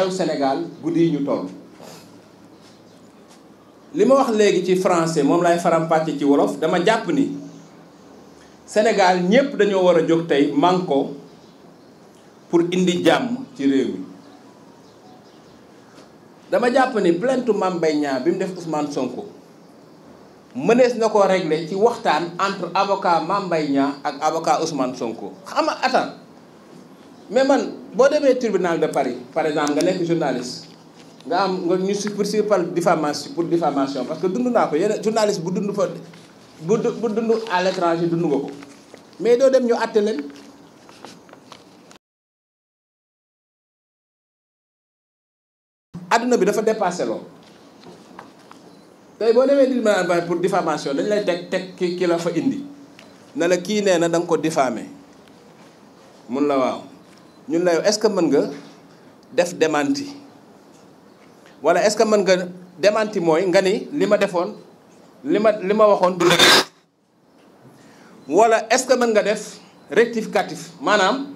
xew Sénégal guddi yi ñu toll li ma wax léegi ci français moom lay faram-fàcce ci wolof dama jàpp ni senegal ñépp dañoo war a jóg tey manko pour indi jàmm ci réew dama jàpp ni plainte Mame Mbaye bi mu def Ousmane Sonko mënees na ko régler ci waxtaan entre avocat Mame ak avocat Ousmane Sonko xam nga attends mais man boo demee tribunal de Paris par exemple nga nekk journaliste nga am nga ñu poursuivre par diffamation pour diffamation parce que dund naa ko yeneen journaliste bu dund fa bu bu dund à l'étranger dund nga ko mais doo dem ñu àtte leen adduna bi dafa dépassé lool tey boo demee tribunal ba pour diffamation dañ lay teg teg ki ki la fa indi na la kii nee na da nga ko diffamé mun la waaw ñun la yow est-ce que mën nga def démenti wala est-ce que mën nga démenti mooy nga ni li ma defoon li ma li ma waxoon du wala est-ce que mën nga def rectificatif maanaam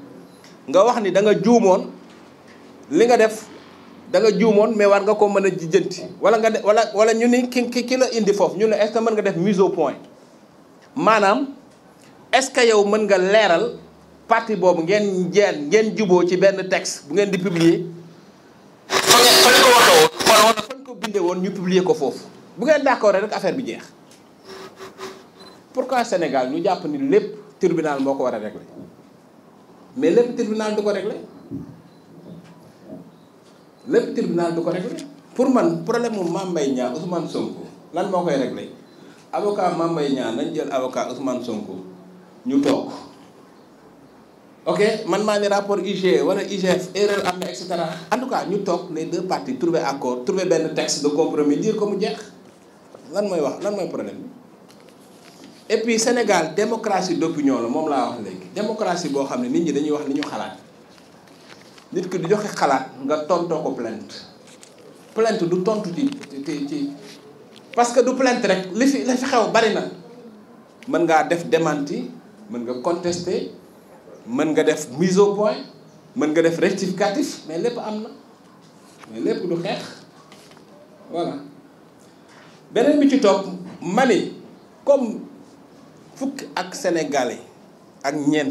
nga wax ni da nga juumoon li nga def da nga juumoon mais war nga ko mën a jijjanti wala nga def wala wala ñu ni ki ki la indi foofu ñu ne est-ce mën nga def mise au point maanaam est-ce que yow mën nga leeral parti boobu ngeen jeen ngeen juboo ci benn texte bu ngeen di publier fa ngeen ko waxee woon bindee woon ñu publier ko foofu bu ngeen d'accord rek affaire bi jeex pour pourquoi Sénégal ñu jàpp ni lépp tribunal moo ko war a régler mais lépp tribunal du ko régler lépp tribunal du ko régler pour man problème mu Mame Mbaye Niang Ousmane lan moo koy régler avocat mambay ñaar nañ jël avocat Ousmane Sonko ñu toog ok man maa ni rapport IGE wala IGF erreur am na et cetera tout cas ñu toog les deux parties trouver accord trouver benn texte de compromis lire ko mu jeex lan mooy wax lan mooy problème bi et puis Sénégal démocratie d'opinion la moom laa wax léegi démocratie boo xam ne nit ñi dañuy wax li ñu xalaat nit ki du joxe xalaat nga tontoo ko plainte plainte du tontu ci ci ci parce que du plainte rek li fi li fi xew bari na mën ngaa def démenti mën nga contester. mën nga def mise au point mën nga def rectificatif mais lépp am na mais lépp du xeex voilà beneen bi ci toog ma ni comme fukk ak sénégalais ak ñeent